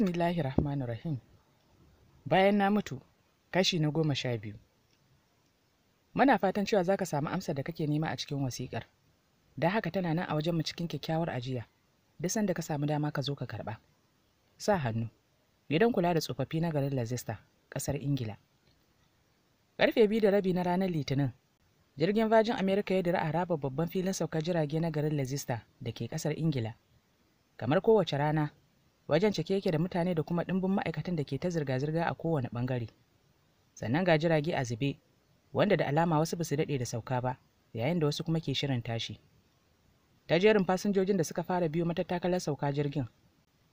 Bismillahi rahmanu Rahim. Bayan na mutu, kashi na goma sha biyu. Muna fatan cewa za ka samu amsar da kake nema a cikin wasikar, Da haka tana nan a wajen mu cikin kyakkyawar ajiya. Duk sanda ka samu dama ka zo ka karɓa. Sa hannu. Gidan kula da tsofaffi na garin lazista ƙasar Ingila. Karfe biyu da rabi na ranar Litinin, jirgin vajin amerika ya dira a raba babban filin saukar jirage na garin lazista da ke ƙasar Ingila. Kamar kowace rana, wajen cike yake da mutane da kuma ɗimbin ma'aikatan da ke ta zirga-zirga a kowane bangare sannan ga jirage a zube wanda da alama wasu ba su daɗe da sauka ba yayin da wasu kuma ke shirin tashi ta jerin fasinjojin da suka fara biyo matattakalar sauka jirgin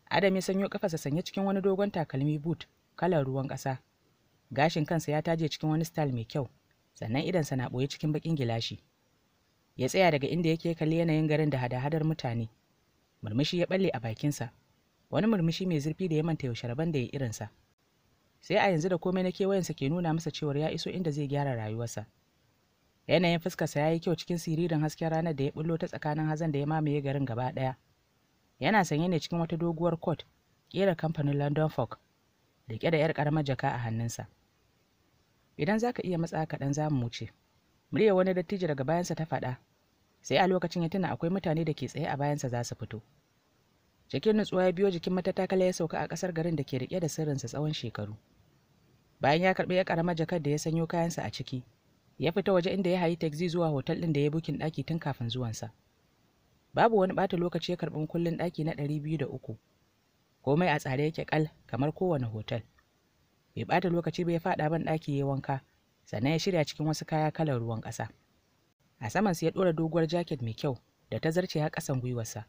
adam ya sanyo kafarsa sanye cikin wani dogon takalmi boot kalar ruwan ƙasa gashin kansa ya taje cikin wani style mai kyau sannan idansa na ɓoye cikin bakin gilashi ya tsaya daga inda yake kalli yanayin garin da hada-hadar mutane murmushi ya balle a bakinsa wani murmushi mai zurfi da ya manta yaushe rabon da ya irinsa sai a yanzu da komai na kewayensa ke nuna masa cewar ya iso inda zai gyara rayuwarsa yanayin fuskarsa ya yi kyau cikin siririn hasken ranar da ya bullo ta tsakanin hazan da ya mamaye garin gaba ɗaya yana sanye ne cikin wata doguwar kot kera kamfanin london fog riƙe da 'yar ƙaramar jaka a hannunsa idan za ka iya matsa kaɗan za mu wuce murya wani dattijo daga bayansa ta faɗa sai a lokacin ya tuna akwai mutane da ke tsaye a bayansa za su fito Jikin nutsuwa ya biyo jikin matatakala ya sauka a ƙasar garin da ke riƙe da sirrinsa tsawon shekaru bayan ya karɓi ya karama jakar da ya sanyo kayansa a ciki ya fita waje inda ya hayi taxi zuwa hotel ɗin da ya bukin ɗaki tun kafin zuwansa babu wani bata lokaci ya karɓi kullun ɗaki na ɗari biyu da uku komai a tsare yake kal kamar kowane hotel bai ɓata lokaci ba ya faɗa ban daki ya wanka sannan ya shirya cikin wasu kaya kalar ruwan ƙasa a saman sa ya dora doguwar jaket mai kyau da ta zarce har kasan gwiwarsa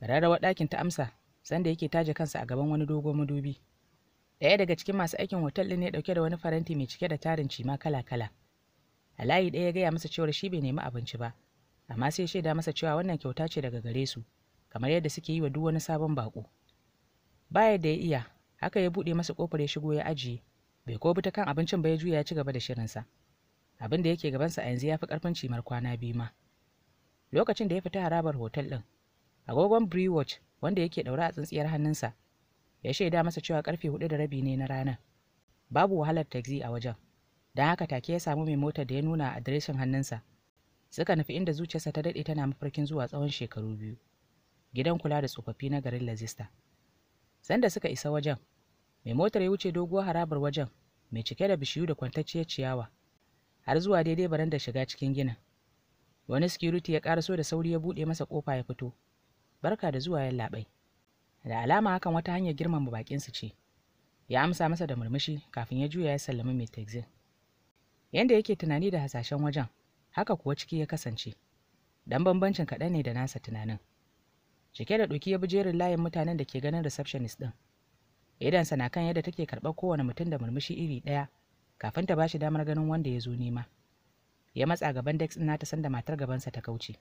Rarrawar ɗakin ta amsa, sanda yake taje kansa a gaban wani dogo madubi. Ɗaya daga cikin masu aikin hotel ɗin ne ɗauke da wani faranti mai cike da tarin cima kala-kala. A layi ɗaya ya gaya masa cewar shi bai nemi abinci ba, amma sai shaida masa cewa wannan kyauta ce daga gare su, kamar yadda suke yi wa duk wani sabon baƙo. Baya da ya iya, haka ya buɗe masa ƙofar ya shigo ya ajiye, bai ko ta kan abincin ba ya juya ya ci gaba da shirinsa. Abin da yake gabansa a yanzu ya fi ƙarfin cimar kwana biyu ma. Lokacin da ya fita harabar hotel ɗin, agogon brewatch wanda yake daura a tsintsiyar hannunsa ya shaida masa cewa karfe hudu da rabi ne na rana babu wahalar taxi a wajen don haka take ya samu mai motar da ya nuna a adireshin hannunsa suka nufi inda zuciyarsa ta daɗe tana mafarkin zuwa tsawon shekaru biyu gidan kula da tsofaffi na garin lazista sanda suka isa wajen mai motar ya wuce doguwar harabar wajen mai cike da bishiyu da kwantacciyar ciyawa har zuwa daidai barandar shiga cikin ginin wani security ya karaso da sauri ya buɗe masa kofa ya fito barka da zuwa yallaɓai da alama hakan wata hanyar girmama baƙinsu ce ya amsa masa da murmushi kafin ya juya ya sallami mai tegzin yanda yake tunani da hasashen wajen haka kuwa ciki ya kasance dan bambancin kaɗan ne da nasa tunanin cike da ɗoki ya bi jerin layin mutanen da ke ganin receptionist ɗin idansa na kan yadda take karɓar kowane mutum da murmushi iri ɗaya kafin ta ba shi damar ganin wanda ya zo nema ya matsa gaban desk ɗin nata sanda matar gabansa ta kauce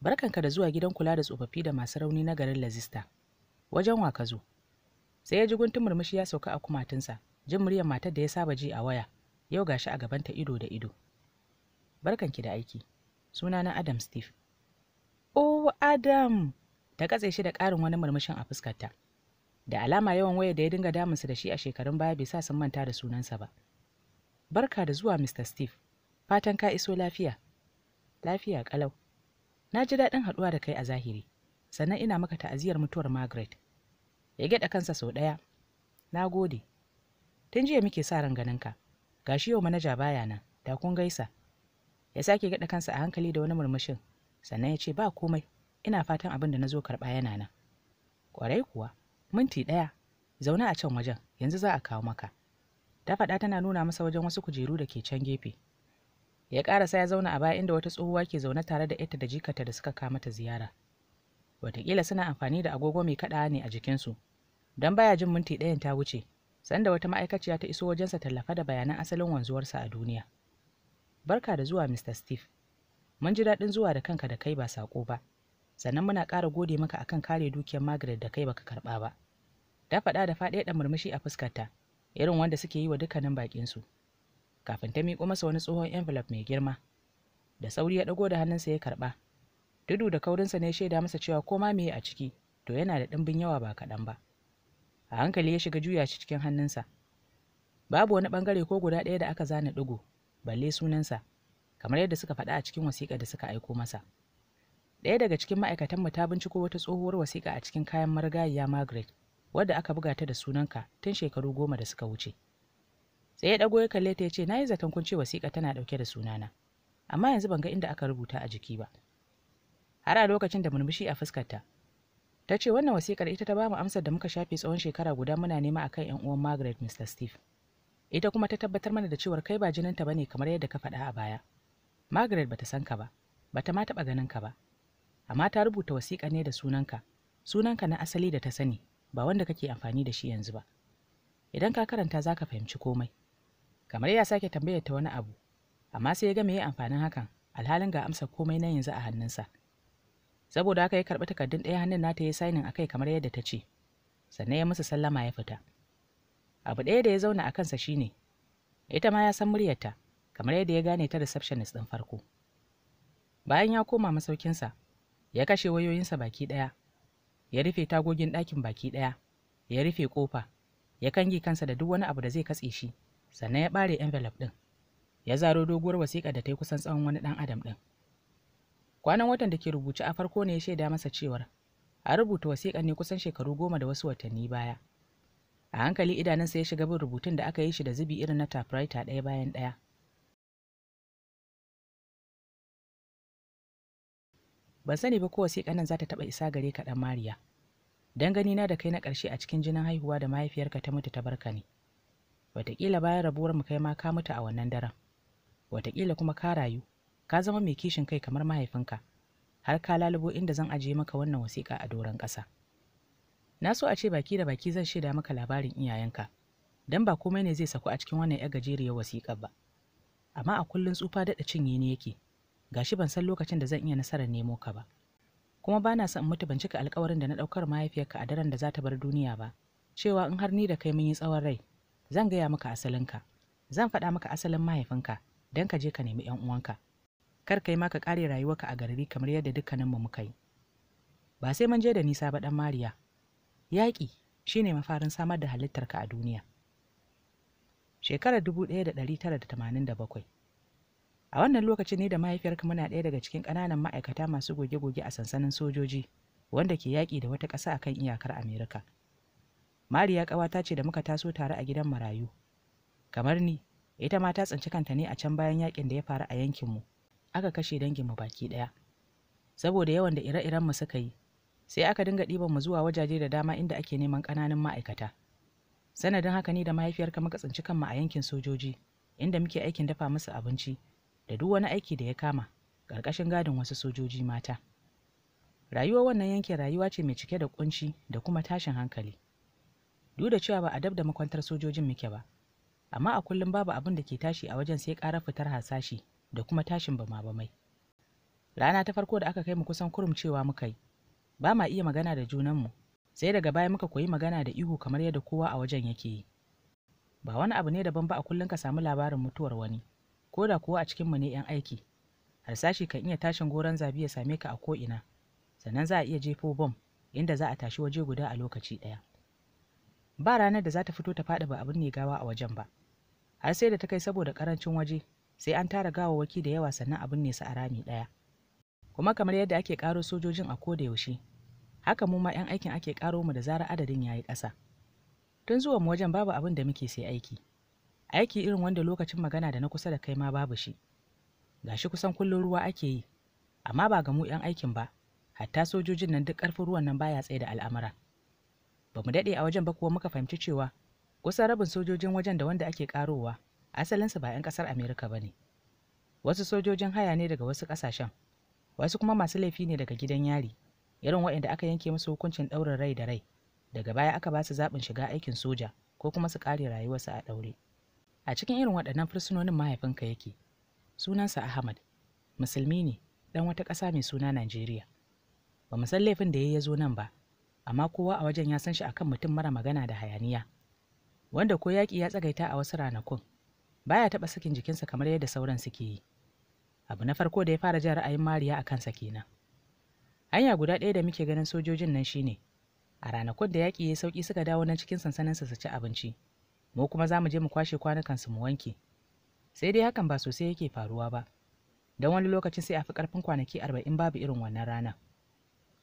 barkanka da zuwa gidan kula da tsofaffi da masu rauni na garin lazista wajen wa ka zo sai ya ji guntun murmushi ya sauka a kumatinsa jin muryar matar da ya saba ji a waya yau gashi a gabanta ido da ido barkanki da aiki Suna na adam steve oh adam ta katse shi da ƙarin wani murmushin a fuskarta da alama yawan waya da ya dinga damunsu da shi a shekarun baya bai sa sun manta da sunansa ba barka da zuwa mr steve fatan ka iso lafiya lafiya kalau na ji daɗin haɗuwa da kai a zahiri sannan ina maka ta'aziyar mutuwar margaret ya gyaɗa kansa sau ɗaya na gode tun jiya muke sa ran ganinka shi yau manaja baya nan da kun gaisa ya sake gaɗa kansa a hankali da wani murmushin sannan ya ce ba komai ina fatan abin da na zo karɓa yana nan ƙwarai kuwa minti ɗaya zauna a can wajen yanzu za a kawo maka ta faɗa tana nuna masa wajen wasu kujeru da ke can gefe ya sai ya zauna a baya inda wata tsohuwa ke zaune tare da ita da jikata da suka kama ta ziyara wataƙila suna amfani da agogo mai kaɗawa ne a jikinsu don baya jin minti ɗayan ta wuce sanda wata ma'aikaciya ta iso wajensa tallafa da bayanan asalin wanzuwar sa a duniya barka da zuwa mr steve mun ji daɗin zuwa da kanka da kai ba saƙo ba sannan muna ƙara gode maka akan kare dukiyar margaret da kai baka karɓa ba ta faɗa da faɗaɗa murmushi a fuskarta irin wanda suke yi wa dukkanin baƙinsu su kafin ta miƙo masa wani tsohon envelope mai girma da sauri ya ɗago da hannunsa ya karɓa dudu da kaurinsa ne shaida masa cewa koma me a ciki to yana da ɗimbin yawa ba kaɗan ba a hankali ya shiga juya shi cikin hannunsa babu wani ɓangare ko guda ɗaya da aka zana ɗigo balle sunansa kamar yadda suka faɗa a cikin wasiƙa da suka aiko masa ɗaya daga cikin ma'aikatanmu ta binciko wata tsohuwar wasiƙa a cikin kayan marigayiya margaret wadda aka buga ta da sunanka tun shekaru goma da suka wuce sai ya dago ya kalle ta ya ce na yi zaton kun ce wasiƙa tana ɗauke da sunana amma yanzu ban ga inda aka rubuta a jiki ba har a lokacin da murmushi a fuskarta ta ce wannan wasiƙar ita ta bamu amsar da muka shafe tsawon shekara guda muna nema akan yan uwan Margaret Mr. Steve ita kuma ta tabbatar mana da cewar kai ba jininta bane kamar yadda ka faɗa a baya Margaret bata san ka ba bata ma taɓa ganin ka ba amma ta rubuta wasiƙa ne da sunanka sunanka na asali da ta sani ba wanda kake amfani da shi yanzu ba idan ka karanta zaka fahimci komai kamar ya sake tambayar ta wani abu amma sai ya ga yi amfanin hakan alhalin ga amsa komai na yanzu a hannunsa saboda haka ya karɓi takardun ɗaya hannun nata ya sainin akai kamar yadda ta ce sannan ya musu sallama ya fita abu ɗaya da ya zauna a kansa shine ita ma ya san muryarta kamar yadda ya gane ta receptionist ɗin farko bayan ya koma masaukinsa ya kashe wayoyinsa baki ɗaya ya rufe tagogin ɗakin baki ɗaya ya rufe ƙofa ya kangi kansa da duk wani abu da zai katse shi sannan ya ɓare envelope ɗin ya zaro doguwar wasiƙa da ta yi kusan tsawon wani ɗan adam ɗin kwanan watan da ke rubuce a farko ne ya shaida masa cewar a rubuta wasiƙan ne kusan shekaru goma da wasu watanni baya a hankali idanunsa ya shiga bin rubutun da aka yi shi da zubi irin na typewriter ɗaya bayan ɗaya ban sani ba ko wasiƙan nan za ta taɓa isa gare ka ɗan mariya don gani na da kai na ƙarshe a cikin jinin haihuwa da mahaifiyarka ta mutu ta barka ne wataƙila bayan rabuwar mu kai ma ka mutu a wannan daren wataƙila kuma ka rayu ka zama mai kishin kai kamar mahaifinka har ka lalubo inda zan ajiye maka wannan wasiƙa a doron ƙasa na so a ce baki da baki zan shaida maka labarin iyayenka dan ba komai ne zai saku a cikin wannan 'yar gajeriyar wasiƙar ba amma a kullun tsufa daɗa cinye ne yake gashi ban san lokacin da zan iya nasarar nemo ka ba kuma ba na son mutu ban cika alƙawarin da na ɗaukar mahaifiyarka a daren da za ta bar duniya ba cewa in har ni da kai mun yi tsawon rai zan gaya maka asalinka zan faɗa maka asalin mahaifinka don ka je ka nemi 'yan uwanka kar kai ma ka ƙare rayuwarka a garari kamar yadda dukkaninmu muka yi ba sai mun je da nisa ba ɗan mariya yaƙi shine mafarin samar da halittarka a duniya shekarar dubu ɗaya da da da tara tamanin ɗari bakwai. a wannan lokacin ne da mahaifiyarka muna ɗaya daga cikin ƙananan ma'aikata masu goge-goge a sansanin sojoji wanda ke yaƙi da wata ƙasa akan iyakar amerika mariya ƙawata ce da muka taso tare a gidan marayu kamar ni ita ma ta tsinci kanta ne a can bayan yakin da ya faru a yankinmu aka kashe danginmu baki ɗaya saboda yawan da ire-iren mu suka yi sai aka dinga ɗiban mu zuwa wajaje da dama inda ake neman ƙananan ma'aikata sanadin haka ni da mahaifiyarka muka tsinci kanmu a yankin sojoji inda muke aikin dafa musu abinci da duk wani aiki da ya kama ƙarƙashin gadin wasu sojoji mata rayuwar wannan yankin rayuwa ce mai cike da kunci da kuma tashin hankali duk da cewa ba a dab da makwantar sojojin muke ba amma a kullum babu abin da ke tashi a wajen sai ƙara fitar hasashi da kuma tashin bama mai. rana ta farko da aka kai mu kusan kurum cewa muka yi ba ma iya magana da junanmu sai daga baya muka koyi magana da ihu kamar yadda kowa a wajen yake yi ba wani abu ne daban ba a kullum ka samu labarin mutuwar wani ko da kuwa a cikin mu ne 'yan aiki harsashi kan iya tashin goron zabi ya same ka a ko'ina sannan za a iya jefo bom inda za a tashi waje guda a lokaci ɗaya ba ranar da za ta fito ta faɗi ba abin ne gawa a wajen ba har sai da ta kai saboda karancin waje sai an tara gawawwaki da yawa sannan abin ne su a rami ɗaya kuma kamar yadda ake ƙaro sojojin a koda yaushe haka mu ma 'yan aikin ake ƙaro mu da zara adadin ya yi ƙasa tun zuwa mu wajen babu abin da muke sai aiki aiki irin wanda lokacin magana da na kusa da kai ma babu shi Ga shi kusan kullum ruwa ake yi amma ba ga mu 'yan aikin ba hatta sojojin nan duk ƙarfin ruwan nan baya tsaye da al'amura ba mu daɗe a wajen ba kuwa muka fahimci cewa kusan rabin sojojin wajen da wanda ake ƙarowa, asalinsu ba 'yan ƙasar amerika ba ne wasu sojojin haya ne daga wasu ƙasashen wasu kuma masu laifi ne daga gidan yari irin waɗanda aka yanke musu hukuncin ɗaurin rai da rai daga baya aka ba su zaɓin shiga aikin soja ko kuma su ƙare rayuwarsu a ɗaure a cikin irin waɗannan fursunonin mahaifinka yake sunansa ahmad musulmi ne ɗan wata ƙasa mai suna najeriya ba mu san laifin da ya zo nan ba amma kowa a wajen ya san shi akan mutum mara magana da hayaniya wanda ko yaƙi ya tsagaita a wasu ranakun baya taɓa sakin jikinsa kamar yadda sauran suke yi abu na farko da ya fara jin ra'ayin mariya a kansa kenan hanya guda ɗaya da muke ganin sojojin nan shine a ranakun da yaƙi ya sauƙi suka dawo nan cikin sansaninsa su ci abinci mu kuma za mu je mu kwashe su mu wanke sai dai hakan ba sosai yake faruwa ba don wani lokacin sai a fi ƙarfin kwanaki arba'in babu irin wannan rana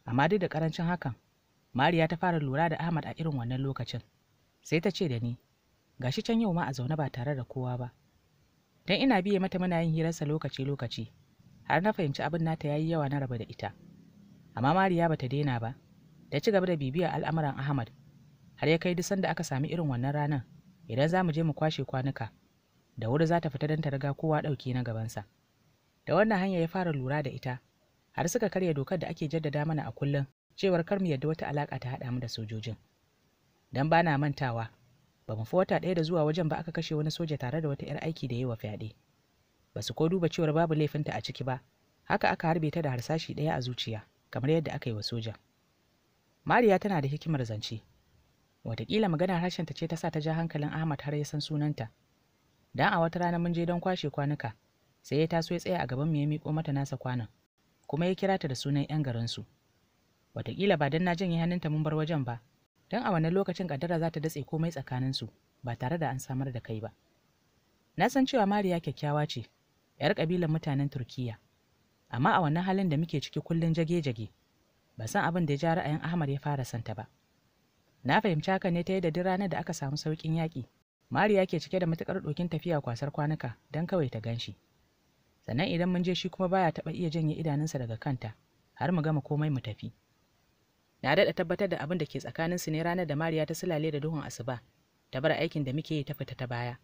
amma duk da ƙarancin hakan Mariya ta fara lura da Ahmad a irin wannan lokacin. Sai ta ce da ni, gashi can yau ma a zaune ba tare da kowa ba. Dan ina biye mata muna yin hirarsa lokaci-lokaci, har na fahimci abin nata yayi yawa na raba da ita. Amma Mariya ba ta daina ba, ta ci gaba da bibiyar al'amuran Ahmad, har ya kai duk sanda aka sami irin wannan ranar, idan za mu je mu kwashe kwanuka, da wuri za ta fita don ta riga kowa ɗauki na gabansa. Da wannan hanya ya fara lura da ita, har suka karya dokar da ake jaddada mana a kullum cewar kar mu yadda wata alaƙa ta haɗa mu da sojojin dan bana mantawa ba mu wata ɗaya da zuwa wajen ba aka kashe wani soja tare da wata 'yar aiki da yawa wa fyaɗe ba su ko duba cewar babu laifinta a ciki ba haka aka harbe ta da harsashi ɗaya a zuciya kamar yadda aka yi wa soja mariya tana da hikimar zance Wataƙila magana harshen ta ce ta sa ta ja hankalin ahmad har ya san sunanta dan a wata rana mun je don kwashe kwanuka sai ya taso ya tsaya a gaban mu ya miƙo mata nasa kwanan kuma ya kira ta da sunan 'yan garinsu Wataƙila ba don na janye hannunta mun bar wajen ba, don a wannan lokacin ƙaddara za ta datse komai tsakaninsu ba tare da an samar da kai ba. Na san cewa Mariya kyakkyawa ce, 'yar ƙabilar mutanen Turkiyya. Amma a wannan halin da muke ciki kullum jage-jage, ba san abin da ya ja ra'ayin Ahmad ya fara santa ba. Na fahimci haka ne ta yadda duk ranar da aka samu sauƙin yaƙi, Mariya ke cike da matuƙar ɗokin tafiya kwasar kwanuka don kawai ta gan shi. Sannan idan mun je shi kuma baya taɓa iya janye idanunsa daga kanta, har mu gama komai mu tafi. na daɗa tabbatar da abin da ke tsakanin su ne ranar da mariya ta silale da duhun asuba ta bar aikin da muke yi ta fita ta baya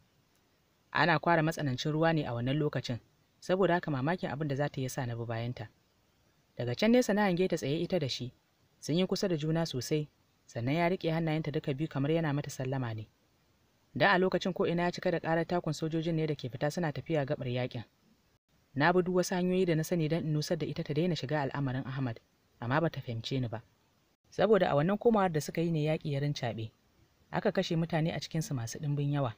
ana kwara matsanancin ruwa ne a wannan lokacin saboda haka mamakin abin da za ta yi sa na bi bayanta daga can nesa na hange ta tsaye ita da shi sun yi kusa da juna sosai sannan ya riƙe hannayenta duka biyu kamar yana mata sallama ne da a lokacin ko ina ya cika da ƙarar takun sojojin ne da ke fita suna tafiya gabar yakin na bi duk wasu hanyoyi da na sani don in nusar da ita ta daina shiga al'amarin ahmad amma bata fahimce ni ba saboda a wannan komawar da suka yi ne yaƙi ya rincaɓe aka kashe mutane a cikinsu masu ɗimbin yawa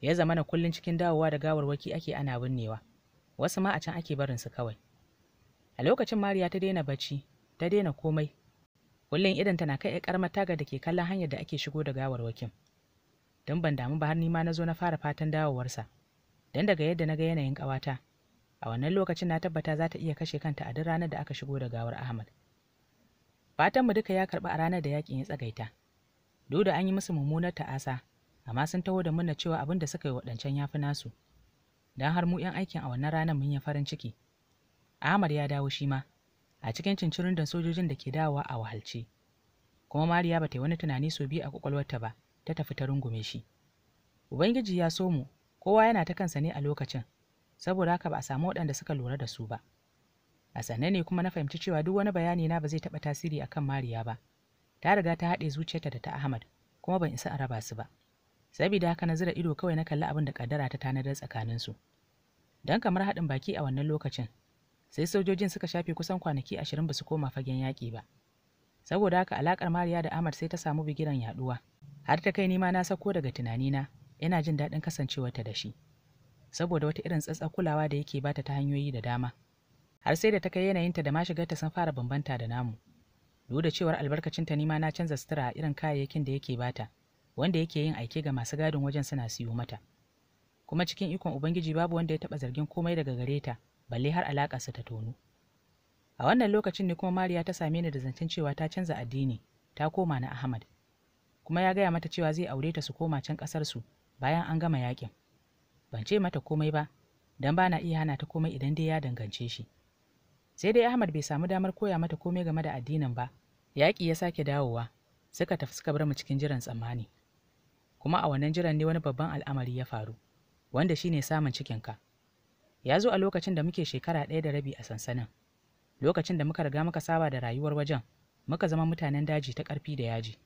ya zama na kullum cikin dawowa da gawarwaki ake ana binnewa wasu ma a can ake barin su kawai a lokacin mariya ta daina bacci ta daina komai kullum idan tana kai ƙaramar taga da ke kallon hanyar da ake shigo da gawarwakin don ban damu ba har ni ma na zo na fara fatan dawowarsa don daga yadda na ga yanayin ƙawata a wannan lokacin na tabbata za ta iya kashe kanta a duk ranar da aka shigo da gawar ahmad Fatanmu duka ya karɓi a ranar da yakin ya tsagaita. Duk da an yi musu mummunar ta'asa, amma sun taho da muna cewa abin da suka yi waɗancan ya fi nasu. Don har mu 'yan aikin a wannan ranar mun yi farin ciki. Ahmad ya dawo shi ma, a cikin cincirin da sojojin da ke dawowa a wahalce. Kuma Mariya ba ta yi wani tunani sau biyu a kwakwalwarta ba, ta tafi ta rungume shi. Ubangiji ya so mu, kowa yana ta kansa ne a lokacin, saboda haka ba a samu waɗanda suka lura da su ba. a sannan ne kuma na fahimci cewa duk wani bayani na ba zai taɓa tasiri akan mariya ba ta riga ta haɗe zuciyarta da ta ahmad kuma ban isa a raba su ba saboda haka na zira ido kawai na kalli abin da kaddara ta tanadar su don kamar haɗin baki a wannan lokacin sai sojojin suka shafe kusan kwanaki ashirin ba su koma fagen yaƙi ba saboda haka alaƙar mariya da ahmad sai ta samu bigiran yaɗuwa har ta kai nima na sako daga tunanina ina jin daɗin kasancewarta da shi saboda wata irin tsatsar kulawa da yake bata ta hanyoyi da dama har sai da ta kai yanayinta da mashigarta sun fara bambanta da namu duk da cewar albarkacinta nima na canza sutura a irin kayayyakin da yake bata wanda yake yin aike ga masu gadin wajen suna siyo mata kuma cikin ikon ubangiji babu wanda ya taɓa zargin komai daga gare ta balle har alaƙa su ta tono a wannan lokacin ne kuma mariya ta same ni da zancen cewa ta canza addini ta koma na ahmad kuma ya gaya mata cewa zai aure ta su koma can su, bayan an gama yaƙin. ban ce mata komai ba don ba na iya hana ta komai idan dai ya dangance shi sai dai ahmad bai samu damar koya mata komai game da addinin ba yaƙi ya sake dawowa suka tafi suka bar mu cikin jiran tsammani kuma a wannan jiran ne wani babban al'amari ya faru wanda shine samun cikinka ya zo a lokacin da muke shekara ɗaya da rabi a sansanin lokacin da muka riga muka saba da rayuwar wajen muka zama mutanen daji ta ƙarfi da yaji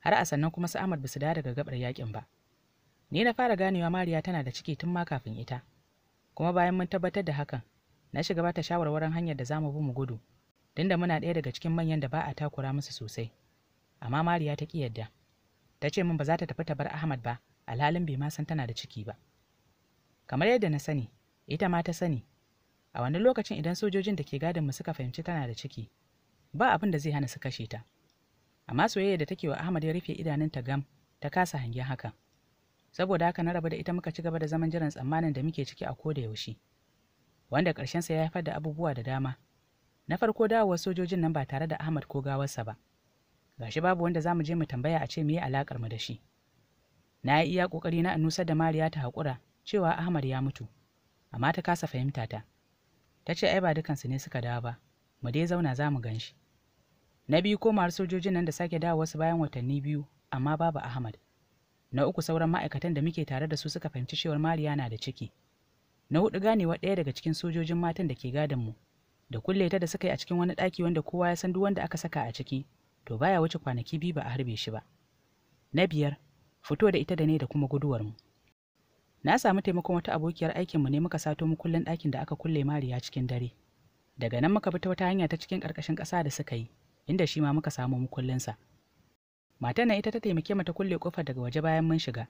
har a sannan kuma su sa'amar basu da daga gabar yakin ba ni na fara ganewa mariya tana da ciki tun ma kafin ita kuma bayan mun tabbatar da hakan na shiga bata shawarwarin hanyar da zamu bi mu gudu da muna ɗaya daga cikin manyan da ba a takura musu sosai amma mariya ta ƙi yadda ta ce min ba za ta tafi ta bar ahmad ba alhalin bai ma san tana da ciki ba kamar yadda na sani ita ma ta sani a wani lokacin idan sojojin da ke gadin mu suka fahimci tana da ciki ba abin da zai hana su kashe ta amma soyayya da take wa ahmad ya rufe idanunta gam ta kasa hangen haka saboda haka na rabu da ita muka ci gaba da zaman jiran tsammanin da muke ciki a koda yaushe wanda ƙarshensa ya haifar da abubuwa da dama. Na farko dawowar sojojin nan ba tare da Ahmad ko gawarsa ba. Gashi babu wanda za mu je mu tambaya a ce me alakar mu da shi. Na yi iya ƙoƙari na annusa da Mariya ta haƙura cewa Ahmad ya mutu, amma ta kasa fahimta ta. Ta ce ai ba dukansu ne suka dawo ba, mu dai zauna za mu gan shi. Na biyu komawar sojojin nan da sake wasu bayan watanni biyu, amma babu Ahmad. Na uku sauran ma'aikatan da muke tare da su suka fahimci cewar Mariya na da ciki. na hudu ganewa ɗaya daga cikin sojojin matan da ke gadon mu da kulle ta da suka yi a cikin wani ɗaki wanda kowa ya san duk wanda aka saka a ciki to baya wuce kwanaki biyu ba a harbe shi ba na biyar fito da ita da ne da kuma guduwar mu na samu taimakon wata abokiyar aikin mu ne muka sato mu kullun ɗakin da aka kulle mariya cikin dare daga nan muka bi ta wata hanya ta cikin ƙarƙashin ƙasa da suka yi inda shi ma muka samu mukullinsa matar na ita ta taimake ta kulle kofar daga waje bayan mun shiga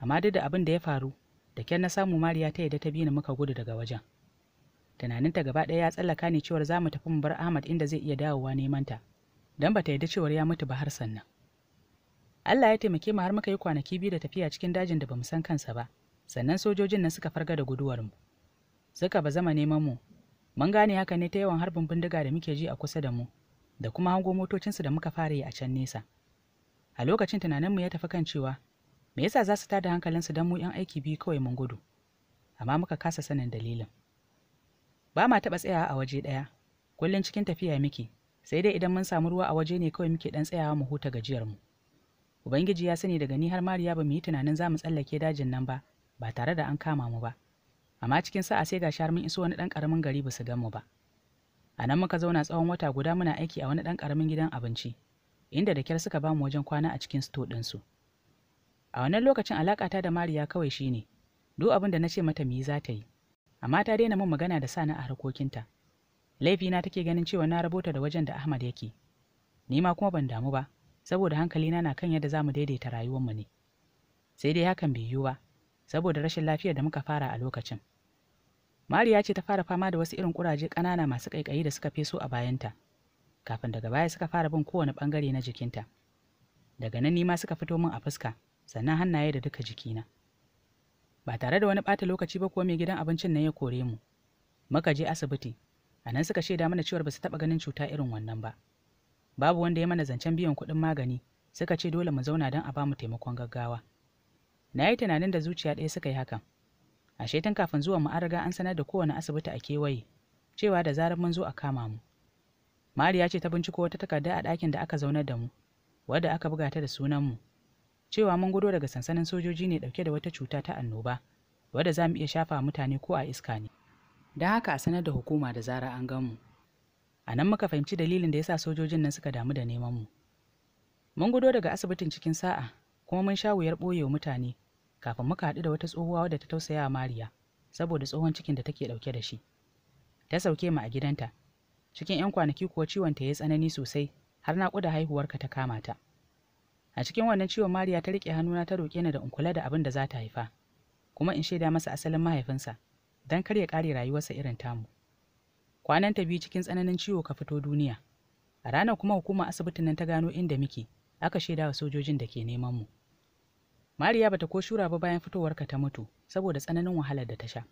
amma duk da abin da ya faru da kyan na samu mariya ta yadda ta bi muka gudu daga wajen tunaninta gaba ɗaya ya tsallaka ne cewar za mu tafi mu bar ahmad inda zai iya dawowa neman ta don ba ta yadda cewar ya mutu ba har sannan allah ya taimake mu har muka yi kwanaki biyu da tafiya cikin dajin da bamu san kansa ba sannan sojojin nan suka farga da guduwar mu suka ba zama neman mu mun gane haka ne ta yawan harbin bindiga da muke ji a kusa da mu da kuma hango motocinsu da muka fara yi a can nesa a lokacin tunaninmu ya tafi kan cewa me yasa za su tada hankalinsu don mu 'yan aiki biyu kawai mun gudu amma muka kasa sanin dalilin ba ma taɓa tsayawa a waje ɗaya kullum cikin tafiya miki sai dai idan mun samu ruwa a waje ne kawai muke ɗan tsayawa mu huta gajiyarmu ubangiji ya sani daga ni har mariya ba mu yi tunanin za mu tsallake dajin nan ba ba tare da an kama mu ba amma cikin sa'a sai ga shar mun iso wani ɗan ƙaramin gari ba su gan mu ba a nan muka zauna tsawon wata guda muna aiki a wani ɗan ƙaramin gidan abinci inda da kyar suka ba mu wajen kwana a cikin sto ɗinsu. su a wannan lokacin alaƙata da mariya kawai shine duk abin da na ce mata mu yi za ta yi amma ta daina min magana da sani a harkokinta laifina take ganin cewa na rabota da wajen da ahmad yake ni ma kuma ban damu ba saboda hankali na kan yadda za mu daidaita rayuwarmu ne sai dai hakan bai yiwu ba saboda rashin lafiyar da muka fara a lokacin mariya ce ta fara fama da wasu irin kuraje ƙanana masu ƙaiƙayi da suka feso a bayanta kafin daga baya suka fara bin kowane ɓangare na jikinta daga nan nima suka fito min a fuska sannan hannaye da duka jikina ba tare da wani ɓata lokaci ba kuwa mai gidan abincin nan ya kore mu muka je asibiti a nan suka shaida mana cewar ba su taɓa ganin cuta irin wannan ba babu wanda ya mana zancen biyan kuɗin magani suka ce dole mu zauna don a ba mu taimakon gaggawa na yi tunanin da zuciya ɗaya suka yi hakan ashe tun kafin zuwa mu an an sanar da kowane asibiti a kewaye cewa da zarar mun zo a kama mu mariya ce ta binciko wata takarda a ɗakin da aka zaunar da mu wadda aka buga ta da sunan mu. cewa mun gudo daga sansanin sojoji ne dauke da wata cuta ta annoba wadda za mu iya shafa mutane ko a iska ne don haka a sanar da hukuma da zara an gan mu a nan muka fahimci dalilin da yasa sojojin nan suka damu da neman mu mun gudo daga asibitin cikin sa'a kuma mun sha wuyar ɓoyewa mutane kafin muka haɗu da wata tsohuwa wadda ta tausaya mariya saboda tsohon cikin da take ɗauke da shi ta sauke mu a gidanta cikin 'yan kwanaki kuwa ciwon ta ya tsanani sosai har na naƙuda haihuwarka ta kama ta a cikin wannan ciwon mariya ta riƙe hannuna ta roƙe ni da in kula da abin da za ta haifa kuma in shaida masa asalin mahaifinsa don kar ya ƙare rayuwarsa irin tamu kwanan ta biyu cikin tsananin ciwo ka fito duniya a ranar kuma hukuma asibitin nan ta gano inda muke aka shaida wa sojojin da ke neman mu mariya bata ko shura ba bayan fitowarka ta mutu saboda tsananin wahalar da ta sha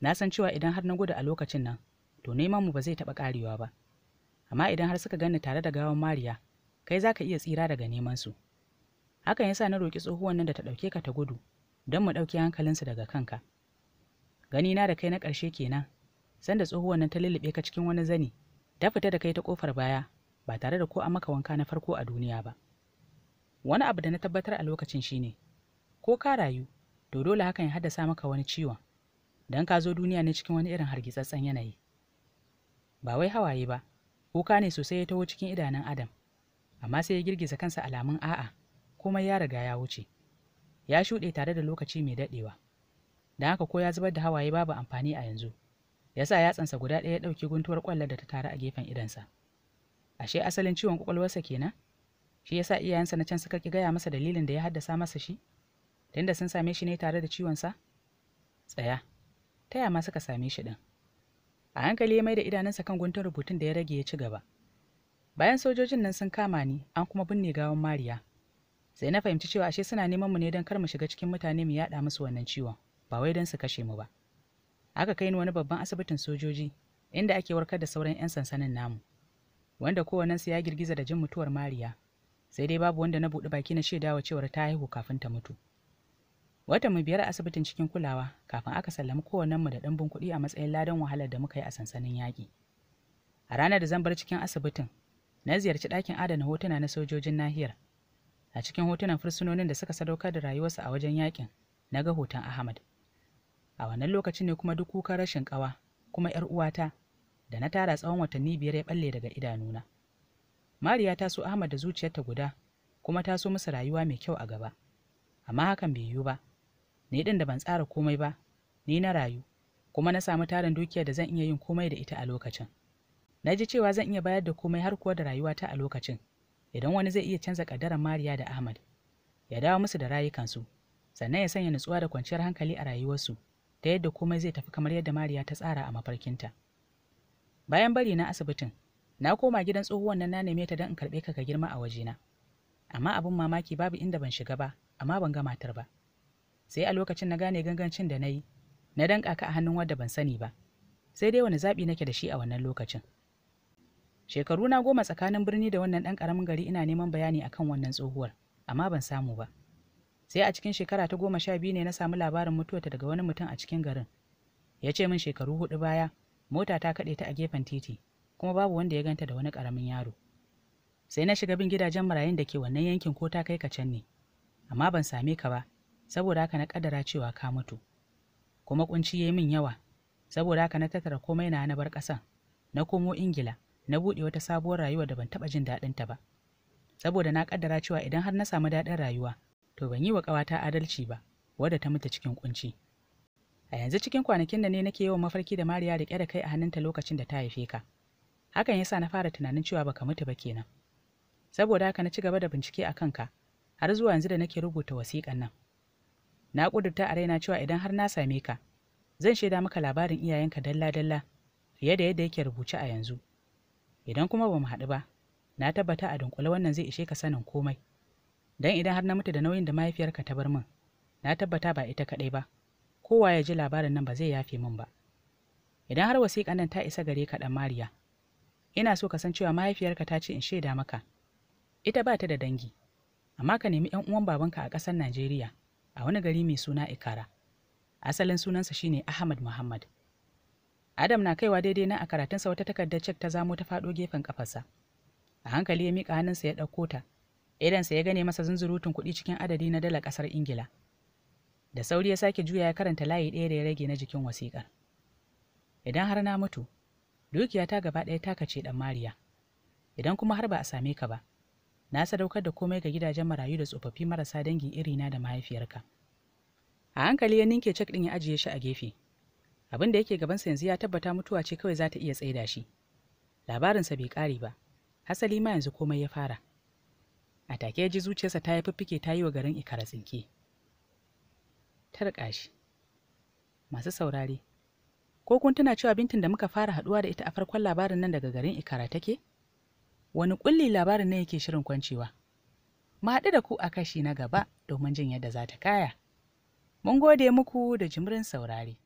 na san cewa idan har na gudu a lokacin nan to neman mu ba zai taɓa ƙarewa ba amma idan har suka gani tare da gawan mariya kai za ka iya tsira daga neman su hakan sa na roki tsohuwan nan da ta ɗauke ka ta gudu don mu ɗauki hankalinsu daga kanka gani na da kai na ƙarshe kenan sanda tsohuwan nan ta lullube ka cikin wani zani ta fita da kai ta ƙofar baya ba tare da ko an maka wanka na farko a duniya ba wani abu da na tabbatar a lokacin shine ko ka rayu to dole hakan ya haddasa maka wani ciwon don ka zo duniya ne cikin wani irin hargitsatsen yanayi ba wai hawaye ba kuka ne sosai ya taho cikin idanun adam amma sai ya girgiza kansa alamun a'a komai ya riga ya wuce ya shuɗe tare da lokaci mai daɗewa don haka ko ya zubar da hawaye babu amfani a yanzu ya sa yatsansa guda ɗaya ya ɗauki guntuwar ƙwallon da ta taru a gefen idansa ashe asalin ciwon ƙwaƙwalwarsa kenan shi yasa iyayensa na can suka ki gaya masa dalilin da ya haddasa masa shi tunda sun same shi ne tare da ciwon sa? tsaya ta ma suka same shi ɗin a hankali ya mai da idanunsa kan guntun rubutun da ya rage ya ci gaba bayan sojojin nan sun kama ni an kuma binne gawan mariya sai na fahimci cewa ashe suna neman mu ne don kar mu shiga cikin mutane mu yaɗa musu wannan ciwon ba wai don su kashe mu ba aka kai ni wani babban asibitin sojoji inda ake warkar da sauran 'yan sansanin namu wanda kowannensu ya girgiza da jin mutuwar mariya sai dai babu wanda na buɗe baki na shaidawa cewar ta haihu kafin ta mutu Wata mu biyar asibitin cikin kulawa kafin aka sallami mu da ɗanbin kuɗi a matsayin ladan wahalar da muka yi a sansanin yaƙi a ranar da zan bar cikin asibitin na ziyarci ɗakin adana hotuna na sojojin nahiyar a cikin hotunan fursunonin da suka sadaukar da rayuwarsu a wajen yakin na ga hoton ahmad a wannan lokacin ne kuma duk kukan rashin ƙawa kuma ‘yar uwata da na tara tsawon watanni biyar ya balle daga idanuna mariya ta so ahmad da zuciyarta guda kuma ta so musu rayuwa mai kyau a gaba amma hakan bai yiwu ba ni ɗin da ban tsara komai ba ni na rayu kuma na samu tarin dukiyar da zan iya yin komai da ita a lokacin na ji cewa zan iya bayar da komai har kuwa da rayuwata a lokacin idan wani zai iya canza ƙaddarar mariya da ahmad ya dawo musu da rayukansu sannan ya sanya nutsuwa da kwanciyar hankali a rayuwarsu ta yadda komai zai tafi kamar yadda mariya ta tsara a mafarkinta bayan bari na asibitin na koma gidan tsohuwan nan na neme ta don in karɓe ka ka girma a waje na, amma abin mamaki babu inda ban shiga ba amma ban ga matar ba sai a lokacin na gane gangancin da na yi na danƙa ka a hannun wadda ban sani ba sai dai wani zaɓi nake da shi a wannan lokacin shekaru na goma tsakanin birni da wannan ɗan ƙaramin gari ina neman bayani akan wannan tsohuwar amma ban samu ba sai a cikin shekara ta goma sha biyu ne na samu labarin mutuwarta daga wani mutum a cikin garin ya ce min shekaru hudu baya mota ta kaɗe ta a gefen titi kuma babu wanda ya ganta da wani ƙaramin yaro sai na shiga bin gidajen marayun da ke wannan yankin ko ta kai ka can ne amma ban same ka ba saboda haka na kaddara cewa ka mutu kuma kunci ya min yawa saboda haka na tattara komai na na bar ƙasan na komo ingila na buɗe wata sabuwar rayuwa da ban taɓa jin daɗinta ba saboda na ƙaddara cewa idan har na samu daɗin rayuwa to ban yi wa ƙawata adalci ba wadda ta mutu cikin ƙunci. a yanzu cikin kwanakin da ne nake yawan mafarki da mariya da da kai a hannunta lokacin da ta haife ka hakan yasa na fara tunanin cewa baka mutu ba kenan saboda haka na ci gaba da bincike a kanka har zuwa yanzu da nake rubuta wasiƙan nan na ƙudurta a raina cewa idan har na same ka zan shaida maka labarin iyayenka dalla-dalla fiye da yadda yake rubuce a yanzu idan kuma ba mu haɗu ba na tabbata a dunkule wannan zai ishe ka sanin komai dan idan har na mutu da nauyin da mahaifiyarka ta bar min na tabbata ba ita kaɗai ba kowa ya ji labarin nan ba zai yafe min ba idan har wasiƙan nan ta isa gare ka ɗan mariya ina so ka san cewa mahaifiyarka ta ce in shaida maka ita ba ta da dangi amma ka nemi ‘yan uwan babanka a ƙasar Najeriya a wani gari mai suna Ikara. Asalin sunansa shine Ahmad Muhammad. Adam na kaiwa daidai na a karatunsa wata takardar cek ta zamo ta faɗo gefen kafarsa. A hankali ya miƙa hannunsa ya ɗauko ta. Idansa ya gane masa zunzurutun kuɗi cikin adadi na dala ƙasar Ingila. Da sauri ya sake juya ya karanta layi ɗaya da ya rage na jikin wasiƙar. Idan har na mutu, dukiya ta gaba ɗaya ta kace ɗan Mariya. Idan kuma har ba a same ka ba, na sadaukar da komai ga gidajen marayu da tsofaffi marasa dangi irina da mahaifiyarka. A hankali ya ninke cek ɗin ya ajiye shi a gefe. abin da yake gabansa yanzu ya tabbata mutuwa ce kawai za ta iya tsaida shi labarinsa bai kare ba hasali ma yanzu komai ya fara a take ya ji zuciyarsa ta yi fiffike ta yi wa garin ikara tsinke Ta riƙa shi masu saurare ko kun tana cewa bintin da muka fara haɗuwa da ita a farkon labarin nan daga garin ikara take wani ƙulli labarin nan yake shirin kwancewa mu haɗu da ku a kashi na gaba domin jin yadda za ta kaya mun gode muku da jimirin saurare